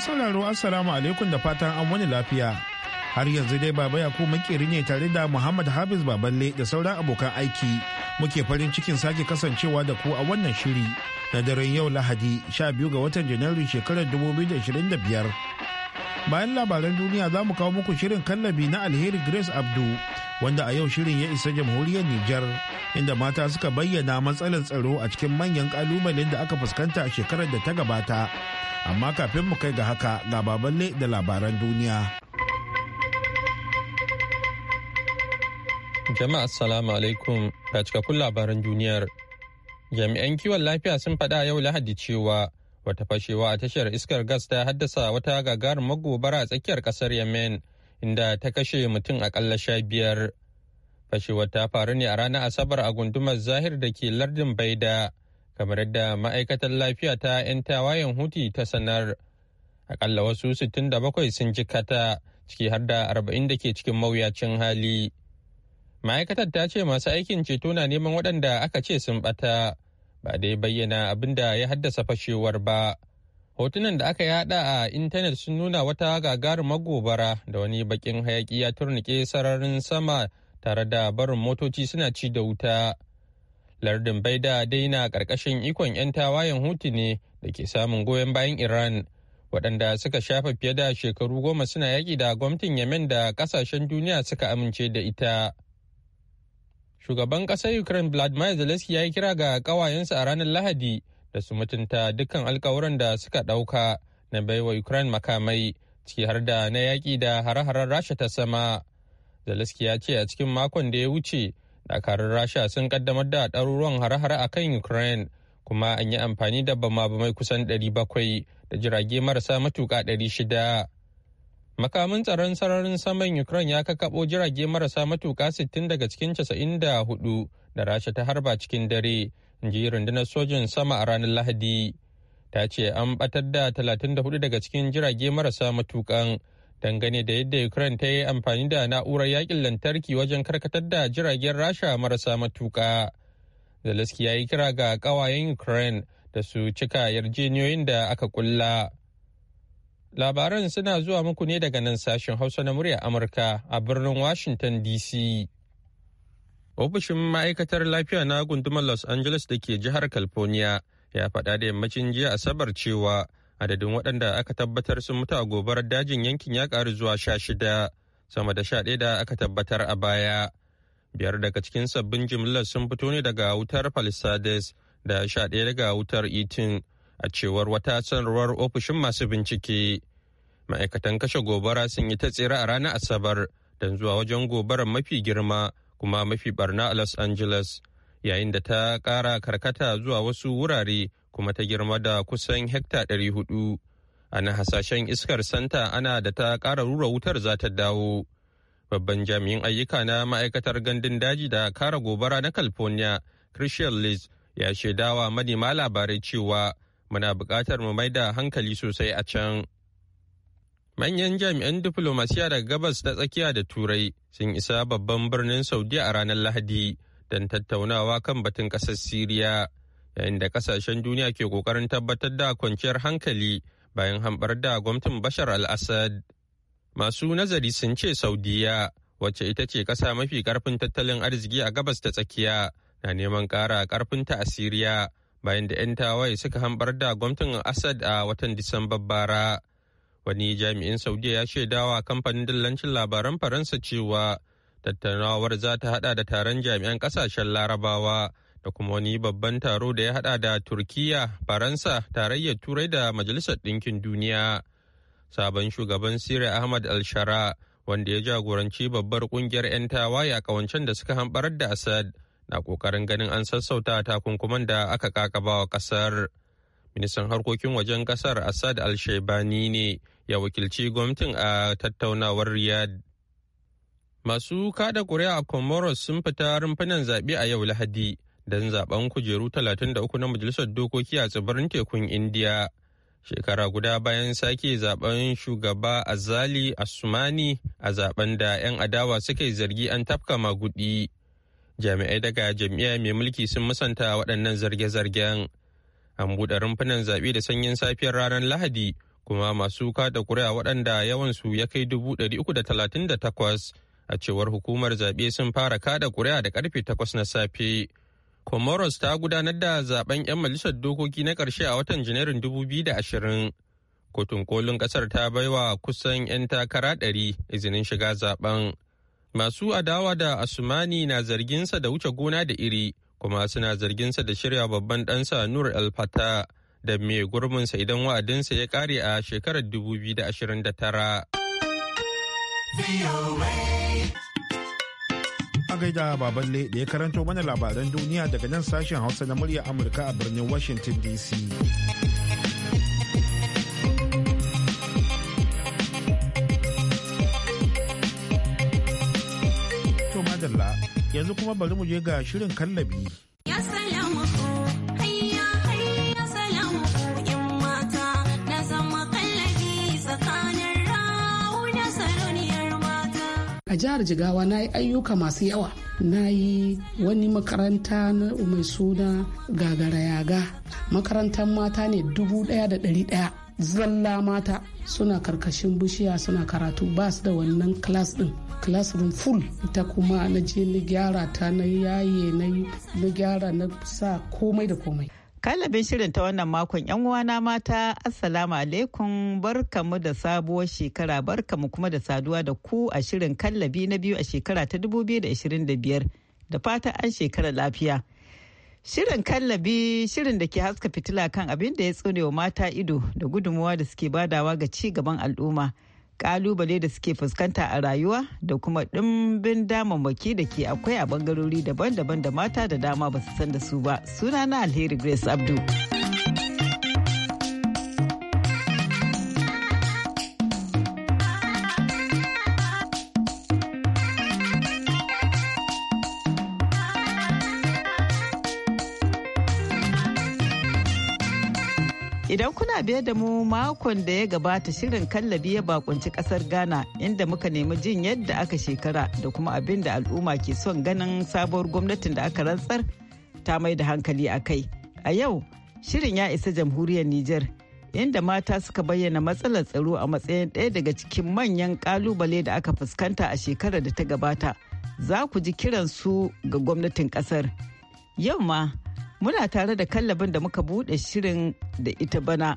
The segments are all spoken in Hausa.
sauraro Assalamu alaikum da fatan an wani lafiya. Har yanzu dai Baba Yakubu makeri ne tare da Muhammad Hafiz Baballe da sauran abokan aiki. Muke farin cikin sake kasancewa da ku a wannan shiri na daren yau Lahadi 12 ga watan Janairun shekarar 2025. Bayan labaran duniya za mu kawo muku shirin kallabi na alheri Grace Abdu wanda a yau shirin ya isa jamhuriyar Nijar inda mata suka bayyana matsalar tsaro a cikin manyan kalubalen da aka fuskanta a shekarar da ta gabata. amma kafin mu kai ga haka ga baballe da labaran duniya jama'a assalamu alaikum ga cikakkun labaran duniyar jami'an kiwon lafiya sun faɗa yau lahadi cewa wata fashewa a tashar iskar gas ta haddasa wata gagarumar magobara a tsakiyar kasar yemen inda ta kashe mutum akalla sha biyar fashewar ta faru ne a ranar asabar a gundumar zahir da ke lardin baida kamar yadda ma'aikatar lafiya ta 'yan tawayen huti ta sanar akalla wasu 67 sun jikata ciki har da 40 da ke cikin mawuyacin hali ma'aikatar ta ce masu aikin ceto na neman waɗanda aka ce sun ɓata ba dai bayyana abin da ya haddasa fashewar ba hotunan da aka yada a intanet sun nuna wata gagarumar magobara da wani bakin hayaki ya turnike sararin sama tare da barin motoci suna ci da wuta lardin baida daina ƙarƙashin ikon 'yan tawayen hutu ne da ke samun goyon bayan iran waɗanda suka shafa fiye da shekaru goma suna yaƙi da gwamnatin yemen da ƙasashen duniya suka amince da ita shugaban ƙasar ukraine vladimir zelensky ya yi kira ga ƙawayensa a ranar lahadi da su mutunta dukkan alkawuran da suka ɗauka na baiwa ukraine makamai ciki har da na yaƙi da hare-haren rasha ta sama zelensky ya ce a cikin makon da ya wuce dakarun rasha sun kaddamar da ɗaruruwan hare-hare a kan ukraine kuma an yi amfani da bama mai kusan 700 da jirage marasa matuƙa 600 makamin tsaron sararin saman ukraine ya kakabo jirage marasa matuƙa 60 daga cikin 94 da rasha ta harba cikin dare in ji rundunar sojin sama a ranar lahadi ta ce an batar da 34 daga cikin jirage marasa matukan. dangane da yadda Ukraine ta yi amfani da na'urar yakin lantarki wajen karkatar da jiragen Rasha marasa matuka. Zelensky ya yi kira ga ƙawayen Ukraine da su cika yarjejeniyoyin da aka kulla. Labaran suna zuwa muku ne daga nan sashen Hausa na murya Amurka a birnin Washington DC. Ofishin ma'aikatar lafiya na gundumar Los Angeles da ke jihar California ya faɗa da yammacin jiya Asabar cewa adadin waɗanda aka tabbatar sun mutu a gobarar dajin yankin ya ƙaru zuwa sha shida sama da sha ɗaya da aka tabbatar a baya biyar daga cikin sabbin jimlar sun fito ne daga wutar palisades da sha ɗaya daga wutar itin a cewar wata sanarwar ofishin masu bincike ma'aikatan kashe gobara sun yi ta tsira a ranar asabar don zuwa wajen gobarar mafi girma kuma mafi barna a los angeles yayin da ta ƙara karkata zuwa wasu wurare kuma ta girma da kusan hekta 400 ana hasashen iskar santa ana da ta ƙara rura wutar za ta dawo babban jami'in ayyuka na ma'aikatar gandun daji da kara gobara na california christian liz ya shaidawa manema labarai cewa muna buƙatar mu mai da hankali sosai a can manyan jami'an diflomasiya daga gabas ta tsakiya da turai sun isa babban birnin saudi a ranar lahadi don tattaunawa kan batun ƙasar siriya yayin da kasashen duniya ke kokarin tabbatar da kwanciyar hankali bayan hambar da gwamnatin bashar al-assad masu nazari sun ce saudiya wacce ita ce kasa mafi karfin tattalin arziki a gabas ta tsakiya na neman kara karfin a asiriya bayan da 'yan tawaye suka hambar da gwamnatin assad a watan disamba bara wani jami'in saudiya ya shaidawa kamfanin dillancin labaran faransa cewa tattaunawar za ta hada da taron jami'an kasashen larabawa da kuma wani babban taro da ya hada da turkiya faransa tarayyar turai da majalisar ɗinkin duniya sabon shugaban siriya ahmad al-shara wanda ya jagoranci babbar kungiyar 'yan tawaye a kawancen da suka hambarar da assad na kokarin ganin an sassauta takunkuman da aka kakaba wa kasar ministan harkokin wajen kasar assad al ne ya wakilci gwamnatin a tattaunawar riyad. masu kada kuri'a a comoros sun fita rumfunan zaɓe a yau lahadi don zaben kujeru 33 na majalisar dokoki a tsibirin tekun indiya shekara guda bayan sake zaben shugaba azali asumani a zaben da 'yan adawa suka yi zargi an tafka magudi jami'ai daga jami'a mai mulki sun musanta waɗannan zarge-zargen an buɗe rumfunan zaɓe da sanyin safiyar ranar lahadi kuma masu kada kuri'a waɗanda yawansu ya kai dubu uku da talatin a cewar hukumar zaɓe sun fara kada ƙuri'a da karfe takwas na safe comoros ta gudanar da zaben 'yan majalisar dokoki na ƙarshe a watan janairun 2020 kotun kolin ƙasar ta baiwa kusan 'yan takara 100 izinin shiga zaben masu adawa da asumani na zarginsa da wuce gona da iri kuma suna zarginsa da shirya babban ɗansa nur el fata da mai gurbinsa idan wa'adinsa ya ƙare a shekarar 2029 A gaida baballe da ya karanto mana labaran duniya daga nan sashen Hausa na murya Amurka a birnin Washington DC. To madalla yanzu kuma bari mu je ga shirin kallabi. Ya a jihar jigawa na yi ayyuka masu yawa na yi wani makaranta na mai suna gagara yaga makarantar mata ne dubu daya da dari daya zalla mata suna karkashin bishiya suna karatu ba su da wannan class din classroom full ita kuma na je na gyara ta na yaye na gyara na sa komai da komai Kalabin shirin ta wannan makon ‘yan uwana mata, Assalamu alaikum barkamu da sabuwar shekara barkamu kuma da saduwa da ku a shirin kallabi na biyu a shekara ta 2025 da fata an shekara lafiya. Shirin kallabi shirin da ke haska fitila kan abin da ya wa mata ido da gudunmuwa da suke badawa ga ci gaban al'umma. kalubale da suke fuskanta a rayuwa da kuma ɗimbin damammaki da ke akwai a bangarori daban-daban da mata da dama ba su san da su ba sunana alheri grace abdul Idan kuna biye da mu makon da ya gabata shirin kallabi ya bakunci kasar Ghana inda muka nemi jin yadda aka shekara da kuma abin da al'umma ke son ganin sabuwar gwamnatin da aka rantsar ta mai da hankali a kai. A yau, shirin ya isa jamhuriyar Nijar inda mata suka bayyana matsalar tsaro a matsayin ɗaya daga cikin manyan ƙalubale da aka fuskanta a shekarar da ta gabata. Za ku ji kiransu ga gwamnatin ƙasar. Yau ma, muna tare da kallabin da muka buɗe shirin da ita bana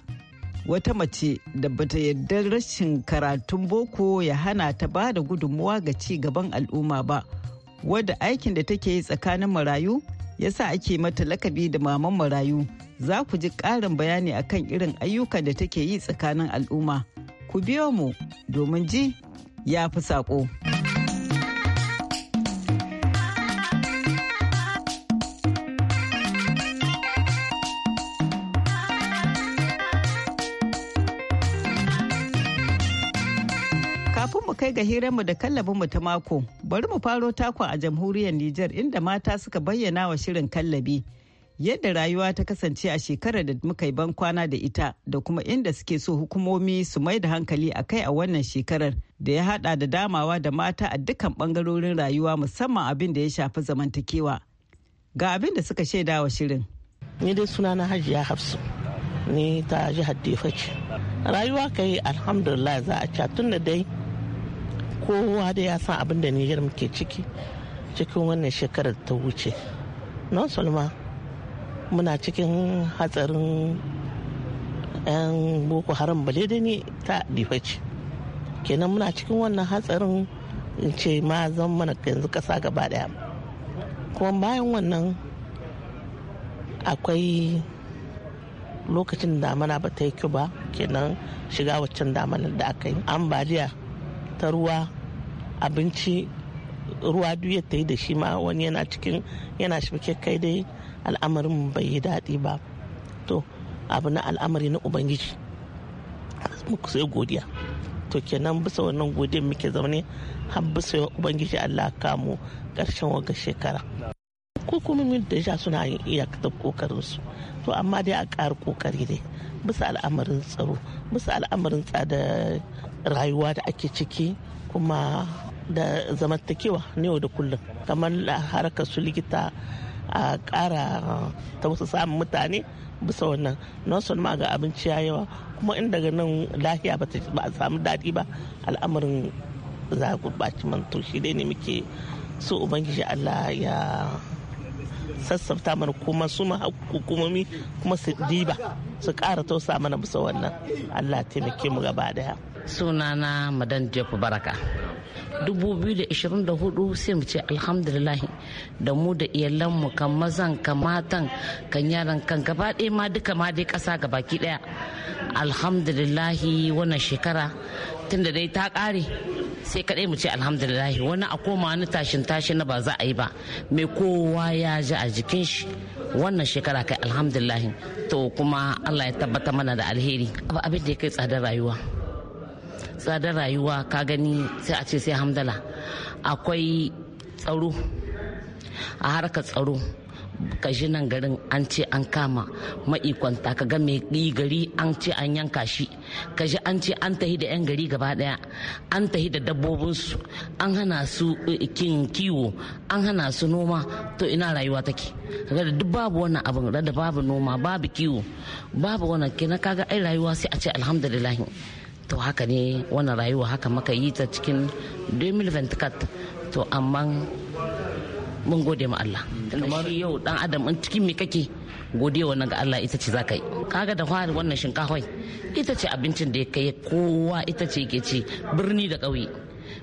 wata mace da bata yarda rashin karatun boko ya hana ta ba da gudunmuwa ga ci gaban al'umma ba wadda aikin da take yi tsakanin marayu ya sa ake mata lakabi da maman marayu za ku ji ƙarin bayani akan irin ayyukan da take yi tsakanin al'umma ku biyo mu domin ji ya fi saƙo. kai ga hiranmu da kallabinmu ta mako, bari mu faro takwa a jamhuriyar Nijar inda mata suka bayyana wa shirin kallabi. Yadda rayuwa ta kasance a shekarar da muka yi ban kwana da ita da kuma inda suke so hukumomi su mai da hankali a kai a wannan shekarar da ya hada da damawa da mata a dukkan bangarorin rayuwa musamman abin da ya shafi zamantakewa. Ga abin da suka shaida wa shirin. Ni dai sunana Hajiya Hafsu, ni ta jihar Defa Rayuwa kai alhamdulillah za a ca tun da dai kowa da ya san abin da niger muke ciki cikin wannan shekarar ta wuce non sulma muna cikin hatsarin 'yan boko haram bale da ni ta ce kenan muna cikin wannan hatsarin in ce ma zan mana yanzu kasa gaba daya kuma bayan wannan akwai lokacin damana ba ta yi ba kenan shiga waccan damanar da aka yi ambaliya ta ruwa abinci ruwa duk ya ta yi da shi ma wani yana cikin yana shi kai dai al'amarin bai yi daɗi ba to abu na al'amari na ubangiji muku sai godiya to kenan bisa wannan godiyar muke zaune har bisa ubangiji allah kamo ƙarshen waga shekara hukumomin da ja suna yin iyakata su to amma dai a ƙara kokari dai bisa al'amarin tsaro bisa al'amarin tsada rayuwa da ake ciki kuma da zamantakewa ne yau da kullum kamar harkar su likita a ƙara wasu samun mutane bisa wannan nelson ma ga abinci ya yawa kuma in daga nan lahiya ba a samu daɗi ba al'amarin za a gurɓaci manto shi dai ne muke so ubangiji allah ya sassafta mana kuma su ma hukumomi kuma su diba su ƙara tausa mana bisa wannan allah taimake mu gaba daya sunana madan jefu baraka 2024 sai mu ce alhamdulillahi da mu da iyalanmu kan mazan kan matan kan yaran kan gaba ɗaya ma duka ma dai ƙasa ga baki ɗaya alhamdulillahi wannan shekara tunda dai ta ƙare sai kaɗai mu ce alhamdulillahi wani a koma wani tashin tashi na ba za a yi ba mai kowa ya ji a jikin shi wannan shekara kai alhamdulillahi to kuma allah ya tabbata mana da alheri abu abin da ya kai tsadar rayuwa tsadar rayuwa ka gani sai a ce sai hamdala akwai tsaro a harka tsaro kashi nan garin an ce an kama ma'ikwanta ka ga mai gari an ce an yanka shi kashi an ce an tahi da 'yan gari gaba daya an tahi da dabbobinsu an hana su eh, kin kiwo an hana su noma to ina rayuwa take kaga da duk babu wannan abin da babu noma babu kiwo babu wannan kina kaga ai rayuwa sai a ce alhamdulillah to haka ne wannan rayuwa haka maka yi ta cikin 2024 to amma mun gode ma Allah kamar yau dan adam in cikin me kake gode wannan ga Allah ita ce zaka yi kaga da fara wannan shinkafa ita ce abincin da yake kowa ita ce ke ci birni da ƙauye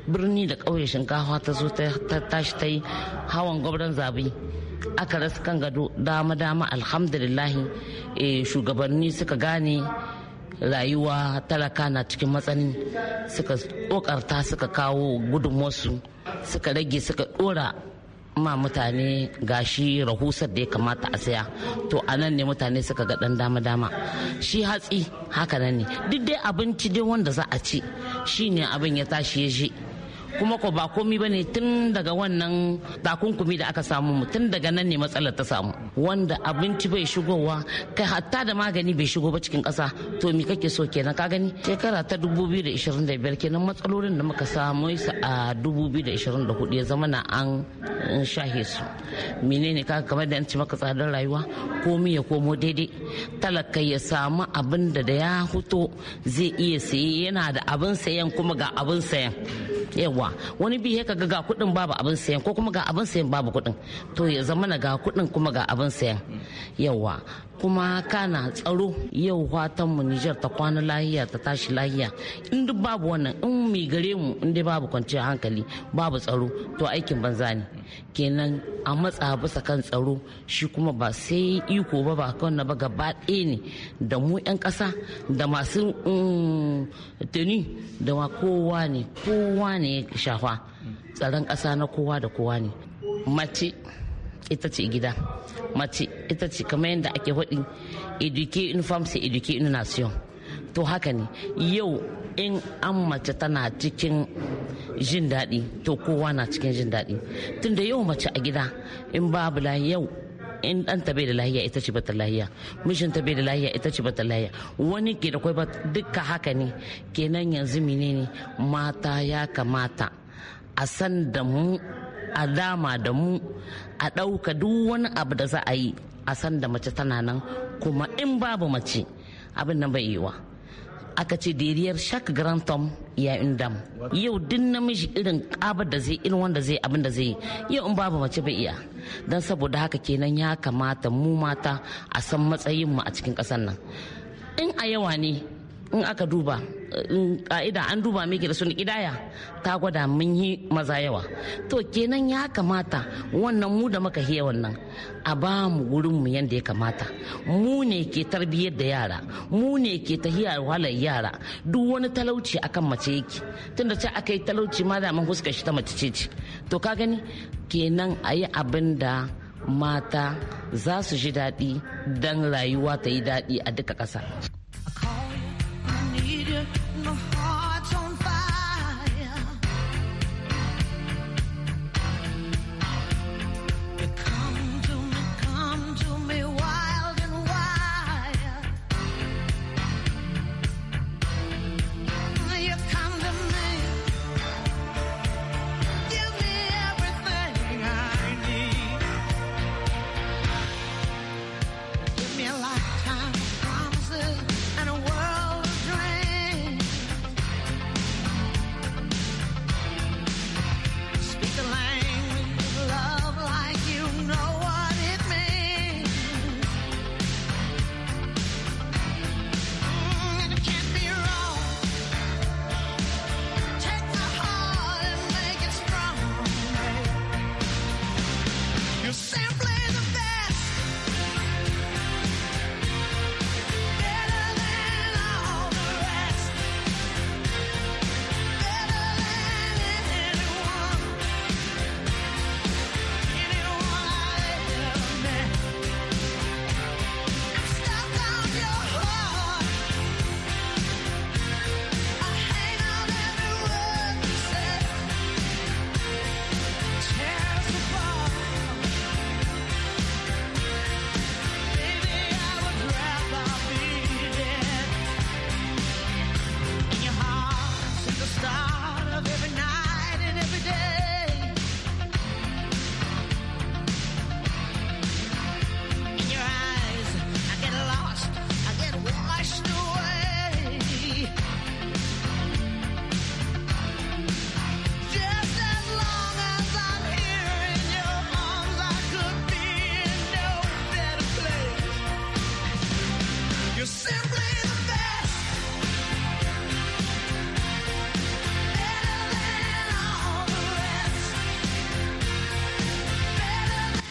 birni da ƙauye shinkafa ta zo ta tashi ta yi hawan gwamnan zabi aka rasa kan gado dama dama alhamdulillahi eh, shugabanni suka gane rayuwa talaka na cikin matsanin suka kokarta suka kawo gudunmuwarsu suka rage suka dora ma mutane gashi rahusar da ya kamata a saya to a nan ne mutane suka ga dan dama dama shi hatsi haka nan ne duk dai abinci dai wanda za a ci shine abin ya tashi ya je kuma ko ba komi bane ne tun daga wannan takunkumi da aka samu mu tun daga nan ne matsalar ta samu wanda abinci bai shigowa kai hatta da magani bai shigo ba cikin kasa to me kake so kenan ka gani shekara ta 2025 kenan matsalolin da muka samu su a 2024 ya zama na an shahe su menene ka kamar da ci maka tsadar rayuwa komi ya komo daidai talaka ya samu abin da da ya huto zai iya saye yana da abin sayan kuma ga abin sayan yawa abubuwa wani bi ya kaga ga kuɗin babu abin sayan ko kuma ga abin sayan babu kuɗin to ya zama na ga kuɗin kuma ga abin sayan yawa kuma kana tsaro yau fatan mu Nijar ta kwana lahiya ta tashi lahiya in duk babu wannan in mai gare mu in dai babu kwanciyar hankali babu tsaro to aikin banza ne kenan a matsa bisa kan tsaro shi kuma ba sai iko ba ba kan na ba gaba ne da mu 'yan ƙasa da masu mm, tuni da ma kowa ne kowa ne shafa tsaron ƙasa na kowa da kowa ne mace ita ce gida mace ita ce kamar yadda ake faɗi eduke uniform sai eduke nation to haka ne yau in an mace tana cikin jin daɗi to kowa na cikin jin daɗi tunda yau mace a gida in babu yau in dan ta bai da lahiya ita ce bata lahiya mishin ta bai da lahiya ita ce bata lahiya wani ke da kwai ba duka haka ne kenan yanzu menene mata ya kamata a san da mu a dama da mu a ɗauka duk wani abu da za a yi a san da mace tana nan kuma in babu mace abin nan bai yiwa aka ce diriyar shak grantom ya indam yau din namiji irin kabar da zai irin wanda zai abin da zai yau in babu mace bai iya don saboda haka kenan ya kamata mu mata a san matsayin mu a cikin ƙasar nan in a yawa ne in aka duba ka'ida an duba miki da sun kidaya ta gwada mun yi maza yawa to kenan ya kamata wannan mu da muka hiya wannan a ba mu wurin mu yanda ya kamata mu ne ke tarbiyyar da yara mu ne ke tahiya wahalar yara duk wani talauci akan mace yake tunda ce aka yi talauci ma da mun huska shi ta mace ce to ka gani kenan a yi abin da mata za su ji daɗi don rayuwa ta yi daɗi a duka ƙasa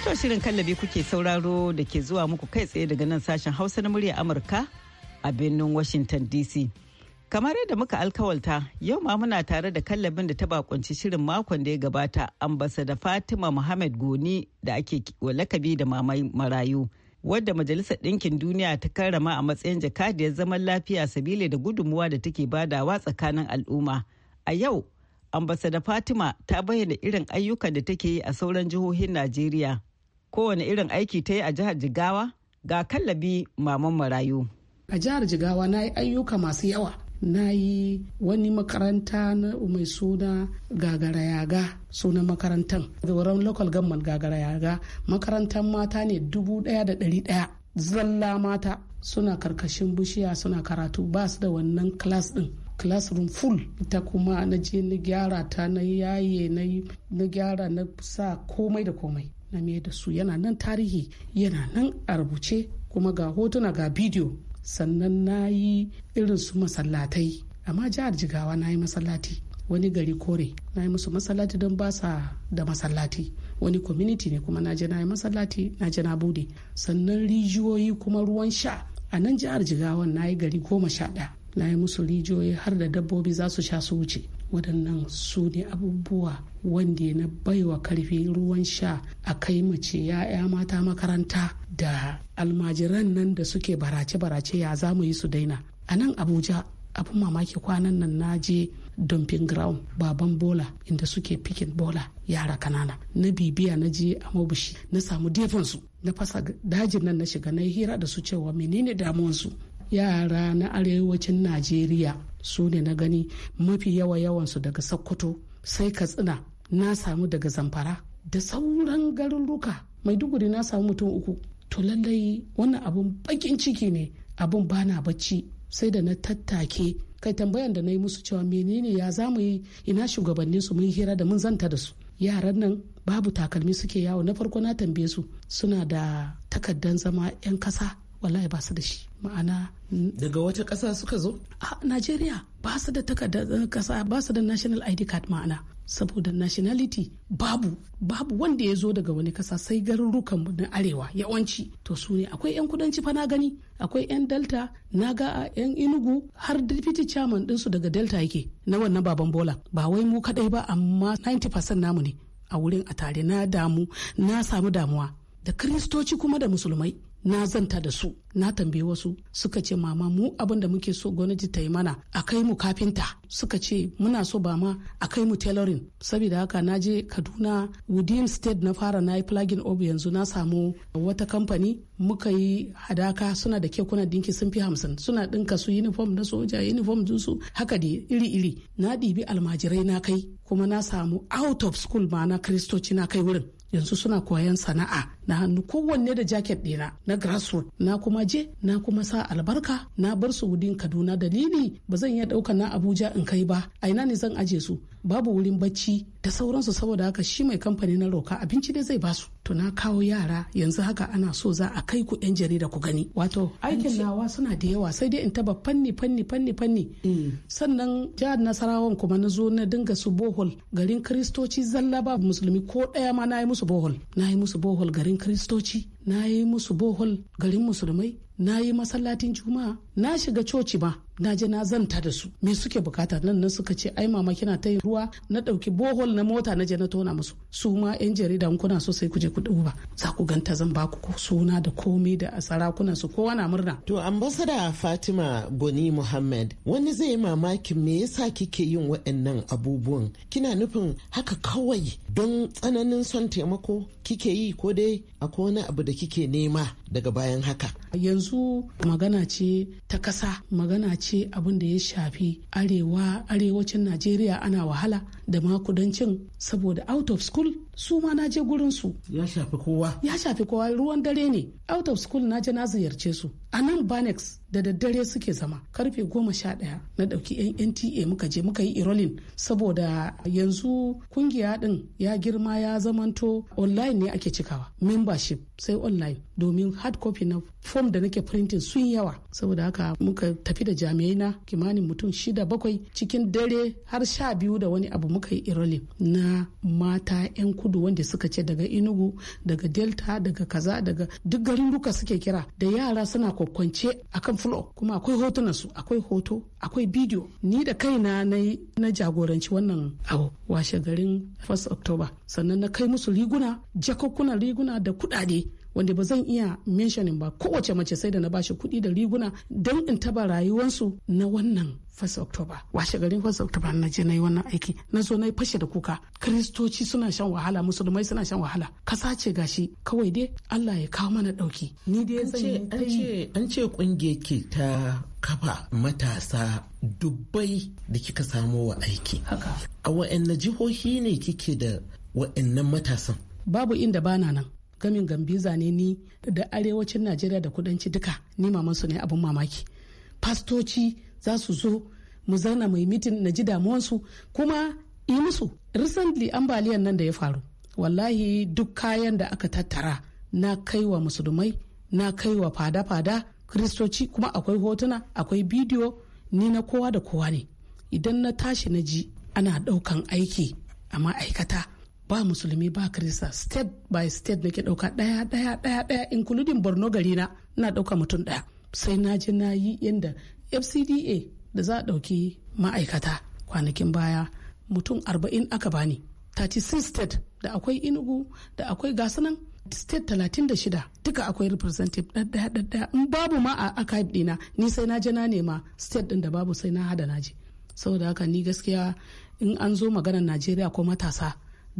To shirin kallabi kuke sauraro da ke zuwa muku kai tsaye daga nan sashen Hausa na murya Amurka a birnin Washington DC. Kamar yadda muka alkawalta yau ma muna tare da kallabin da ta bakunci shirin makon da ya gabata ambasada Fatima Muhammad Goni da ake lakabi da mamai marayu. Wadda Majalisar Ɗinkin Duniya ta karrama a matsayin jakadiyar zaman lafiya sabili da gudunmuwa da take badawa tsakanin al'umma. A yau, ambasada Fatima ta bayyana irin ayyukan da take yi a sauran jihohin Najeriya kowane irin aiki ta yi a jihar jigawa ga kallabi maman marayu a jihar jigawa na yi ayyuka masu yawa na yi wani makaranta na mai suna gagara yaga sunan makarantar zauren local government gagara yaga makarantar mata ne dubu daya da dari daya zalla mata suna karkashin bishiya suna karatu ba su da wannan class din classroom full ita kuma na je na gyara ta na yaye na gyara na sa komai da komai na me da su yana nan tarihi yana nan a rubuce kuma ga hotuna ga bidiyo sannan na yi irin su masallatai amma jihar jigawa na yi masallati wani gari kore na yi musu masallati don ba sa da masallati. wani community ne kuma na je na yi masallati na je na bude sannan rijiyoyi kuma ruwan sha a nan jihar jigawa na yi gari goma sha ɗaya na yi musu rijiyoyi har da dabbobi za su sha su wuce waɗannan su ne abubuwa wanda ya na baiwa karfi ruwan sha a kai mace ya'ya mata makaranta da almajiran nan da suke barace-barace ya za mu yi su daina a nan abuja abin mamaki kwanan nan na je dumping ground baban bola inda suke pikin bola yara kanana na bibiya na je a mabushi na samu su na fasa dajin nan na shiga na hira da su cewa menene damuwansu yara na arewacin najeriya su ne na gani mafi yawa yawansu daga sokoto sai katsina na samu daga zamfara da sauran garuruka maiduguri na samu mutum uku to lallai wannan abun bakin ciki ne abun bana bacci sai da na tattake kai tambayan da na yi musu cewa menene ya za mu yi ina shugabannin su mun hira da mun zanta da su yaran nan babu takalmi suke yawo na farko na tambaye su suna da takaddan zama 'yan kasa wallahi ba su da shi ma'ana daga wata ƙasa suka zo a najeriya ba su da takardar kasa eh, ba su da national id card ma'ana saboda nationality babu babu wanda ya zo daga wani kasa sai garurukan na arewa yawanci to su ne akwai 'yan kudanci fa na gani akwai 'yan delta na ga 'yan inugu har deputy chairman dinsu daga delta yake na wannan baban bola ba wai mu kadai ba amma 90% namu ne a wurin a tare na damu na samu damuwa da kristoci kuma da musulmai na zanta da su na tambayi wasu suka ce mama mu abin da muke so gwamnati ta yi mana a kai mu kafinta suka ce muna so ba ma a kai mu tailoring saboda haka na je kaduna within state na fara na yi plugin obi yanzu na samu wata kamfani muka yi hadaka suna da kekunan dinki sun fi hamsin suna dinka su uniform na soja uniform su haka da iri iri na ɗibi almajirai na kai kuma na samu out of school ma na kristoci na kai wurin yanzu suna koyon sana'a na hannu kowanne da jaket ɗina na grassroot na kuma je na kuma sa albarka na bar su wudin kaduna dalili ba zan iya ɗauka na abuja in kai ba a ina ne zan aje su babu wurin bacci da sauransu saboda haka shi mai kamfani na roka abinci dai zai basu to na kawo yara yanzu haka ana so za a kai ku yan jarida ku gani wato aikin nawa suna da yawa sai dai in taba fanni fanni fanni fanni mm. sannan jihar nasarawan kuma na zo na dinga su bohol garin kristoci zallaba musulmi ko ɗaya ma na yi musu musu bohol na yi musu bohol garin kristoci na yi musu bohol garin musulmai na yi masallatin juma'a na shiga coci ba na je na zanta da su me suke bukata nan nan suka ce ai mama kina ta yin ruwa na ɗauki bohol na mota na je na tona musu su ma yan jarida kuna so sai ku je ku duba za ku ganta zan ba ku suna da komai da kuna su kowa na murna. To ambasada Fatima Goni Muhammad wani zai mamakin me yasa kike yin waɗannan abubuwan kina nufin haka kawai don tsananin son taimako kike yi ko dai akwai wani abu da kike nema daga bayan haka. Yanzu magana ce ta kasa magana ce ce abin da ya shafi arewa arewacin najeriya ana wahala da ma kudancin saboda out of school su ma na je gurin su ya shafi kowa ya shafi kowa ruwan dare ne out of school na je na ziyarce su a nan banex da daddare suke zama karfe goma sha ɗaya na ɗauki yan nta muka je muka yi irolin saboda yanzu kungiya ɗin ya girma ya zamanto online ne ake cikawa membership sai online domin hard copy na form da nake printing sun yawa saboda haka muka tafi da jami'ai na kimanin mutum shida bakwai cikin dare har sha biyu da wani abu muka yi irolin na mata 'yan kudu kudu wanda suka ce daga inugu daga delta daga kaza daga duk garin duka suke kira da yara suna kwakwance akan flo kuma akwai hotunan su akwai hoto akwai bidiyo ni da kaina na na jagoranci wannan abu washe garin 1 october sannan na kai musu riguna jakakkunan riguna da kudade wanda ba zan iya mentionin ba kowace mace sai da na bashi kuɗi da riguna don in taba rayuwarsu na wannan first october washe garin first october na je na yi wannan aiki na zo na yi fashe da kuka kristoci suna shan wahala musulmai suna shan wahala kasa ce gashi kawai dai allah ya kawo mana dauki ni dai zan yi an ce kungiyar ke ta kafa matasa dubbai da kika samo wa aiki a wa'annan jihohi ne kike da wa'annan matasan babu inda bana nan gamin gambiza ne ni da arewacin najeriya da kudanci duka ni mamansu ne abun mamaki fastoci za su zo mu zauna mai mitin na ji damuwansu kuma yi musu recently ambaliyan nan da ya faru wallahi duk kayan da aka tattara na kaiwa musulmai na kaiwa fada-fada kristoci kuma akwai hotuna akwai bidiyo ni na kowa da kowa ne idan na tashi na ji ana ɗaukan aiki a ma'aikata ba musulmi ba krista state by state nake ɗauka ɗaya ɗaya ɗaya ɗaya including borno gari na ina ɗauka mutum ɗaya sai na je na yi yadda fcda da za a ɗauki ma'aikata kwanakin baya mutum 40 aka bani 36 state da akwai inugu da akwai gasanan state 36 duka akwai representative ɗaya ɗaya in babu ma a archive ɗina ni sai na je na nema state ɗin da babu sai na hada na je saboda haka ni gaskiya in an zo maganar najeriya ko matasa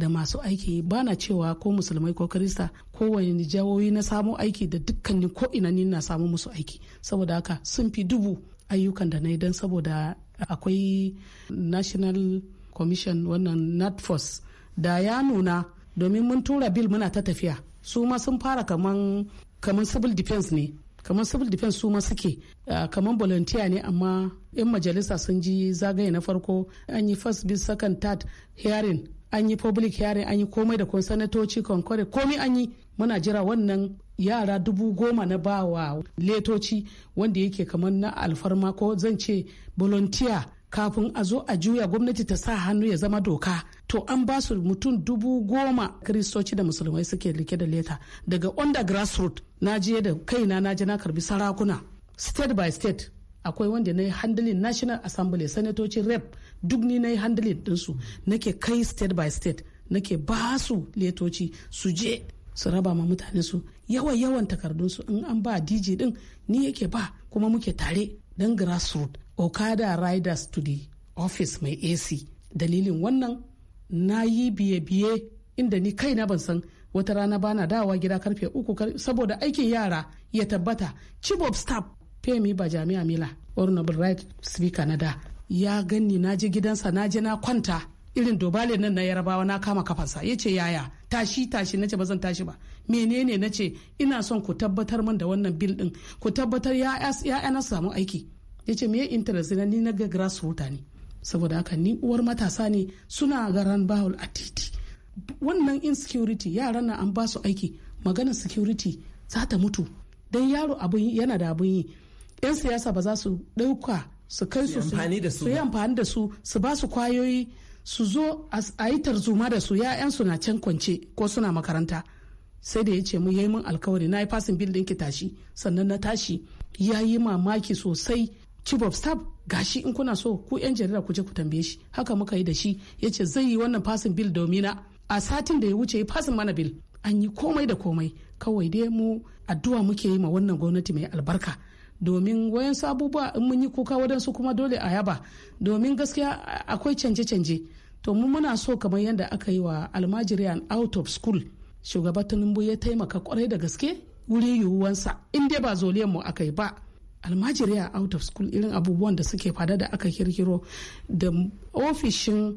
da masu aiki ba na cewa ko musulmai ko krista wani jawoyi na samo aiki da dukkanin ko ina ni na samu musu aiki saboda haka sun fi dubu ayyukan da na yi don saboda akwai national commission wannan natfos da ya nuna domin mun tura bil muna ta tafiya su ma sun fara kaman kaman civil defense ne kaman civil defense su ma suke ah, kaman volunteer ne amma yan majalisa sun ji zagaye na farko an yi first bill second third hearing an yi public hearing an yi komai da kun sanatoci konkore komai an yi muna jira wannan yara dubu goma na bawa letoci wanda yake kamar na alfarma ko zan ce volunteer kafin a zo a juya gwamnati ta sa hannu ya zama doka to an ba su mutum dubu goma kristoci da musulmai suke rike da leta daga under grassroot na je da kaina na je na karbi sarakuna state by state akwai wanda na yi handling national assembly sanatocin rep duk ni na yi handling dinsu nake kai state by state nake ba su letoci su je su raba ma mutane su yawan yawan su in an ba dj din ni yake ba kuma muke tare don grassroot okada riders to the office mai ac dalilin wannan na yi biye-biye inda ni kaina ban san wata rana bana dawa gida karfe uku saboda aikin yara ya tabbata chief of staff femi ba jami'a mila honorable right speaker na da ya gani na je gidansa na je na kwanta irin dobale nan na yarabawa na kama kafansa ya ce yaya tashi tashi na ce ba zan tashi ba menene na ce ina son ku tabbatar min da wannan bil din ku tabbatar ya na samu aiki yace me interest na ni na ga grassroots ne saboda haka ni uwar matasa ne suna garan bawul a titi wannan insecurity yaran na an ba su aiki maganar security za ta mutu don yaro abin yana da abin yi yan siyasa ba za su ɗauka su kai su su yi amfani da su su ba su kwayoyi su zo a yi tarzoma da su ya'yansu na can kwance ko suna makaranta sai da ya ce mu yi min alkawari na yi fasin bil ki tashi sannan na tashi ya yi mamaki sosai chief of staff gashi in kuna so ku yan jarida ku je ku tambaye shi haka muka yi da shi ya ce zai yi wannan fasin bil domina a satin da ya wuce ya fasin mana bil an yi komai da komai kawai dai mu addu'a muke yi ma wannan gwamnati mai albarka domin wayan abubuwa in mun yi kuka su kuma dole a yaba domin gaskiya akwai canje-canje to mu muna so kamar yadda aka yi wa almajiriyan out of school shugaba tinubu ya taimaka kwarai da gaske wuri yiwuwansa in dai ba zoliyan mu aka yi ba almajiriya out of school irin abubuwan da suke fada da aka kirkiro da ofishin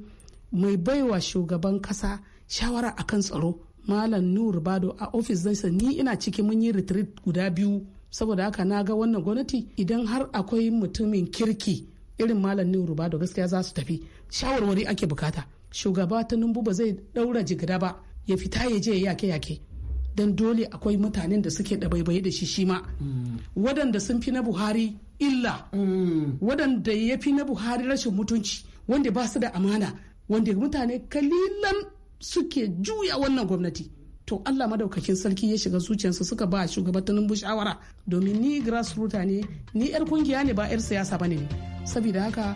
mai baiwa shugaban kasa shawara akan tsaro malam nur bado a ofis dinsa ni ina ciki mun yi retreat guda biyu saboda haka na ga wannan gwamnati idan har akwai mutumin kirki irin malam ruba ba da gaskiya za su tafi shawarwari ake bukata shugaba ta numbu ba zai ɗaura jigida ba ya fita ya je yake yake don dole akwai mutanen da suke ɗabaibaye da shi shima waɗanda sun fi na buhari illa waɗanda ya fi na buhari rashin mutunci wanda ba su da amana wanda mutane kalilan suke juya wannan gwamnati to Allah madaukakin sarki ya shiga zuciyarsa suka ba shugaban bush shawara domin ni grassroots ne ni yar kungiya ne ba yar siyasa bane ne saboda haka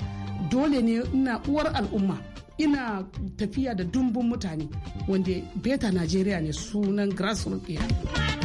dole ne ina uwar al'umma ina tafiya da dumbin mutane wanda beta Najeriya ne sunan grassroots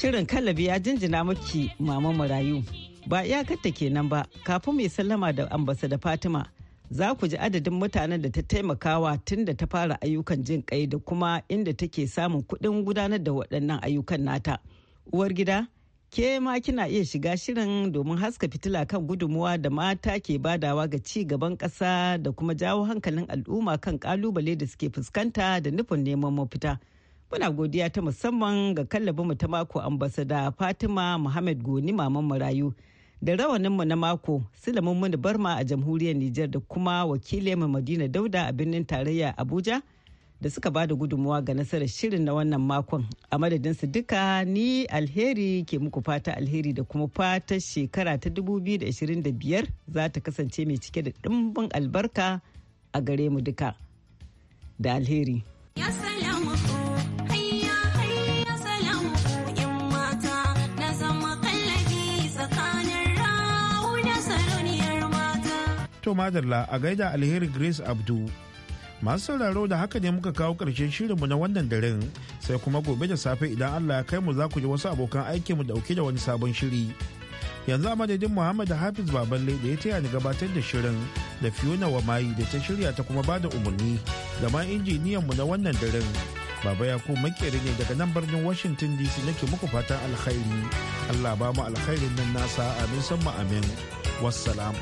Shirin kallabi ya jinjina miki mama marayu. Ba iyakarta kenan ba, kafin mai sallama da ambasa da Fatima, za ku ji adadin mutanen da ta taimakawa tun da ta fara ayyukan jin kai da kuma inda take samun kudin gudanar da waɗannan ayyukan nata. Uwar gida, ke ma kina iya shiga shirin domin haska fitila kan gudunmuwa da mata ke badawa ga ci gaban ƙasa da kuma jawo hankalin al'umma kan ƙalubale da suke fuskanta da nufin neman mafita. Muna godiya ta musamman ga kallabinmu ta mako ambasada Fatima Muhammad Goni Maman Marayu da rawaninmu na mako Sulaiman Muni Barma a jamhuriyar Nijar da kuma mu Madina Dauda a birnin tarayya Abuja da suka ba da gudunmuwa ga nasarar shirin na wannan makon. A madadin su duka ni alheri ke muku fata alheri da kuma fata shekara ta 2025 za ta kasance mai cike da dimbin albarka a gare mu duka. Da alheri. Yes, To madalla a gaida alheri Grace Abdu. Masu sauraro da haka ne muka kawo ƙarshen shirinmu na wannan daren sai kuma gobe da safe idan Allah ya kai mu za ku ji wasu abokan mu dauke da wani sabon shiri. yanzu a madadin muhammad hafiz baballe da ya taya ni gabatar da shirin da fiona wa mayi da ta shirya ta kuma bada umarni da ma injiniyan mu na wannan daren baba yakub makeri ne daga nan birnin washington dc nake muku fatan alkhairi allah ba mu alkhairin nan nasa amin san amin wassalam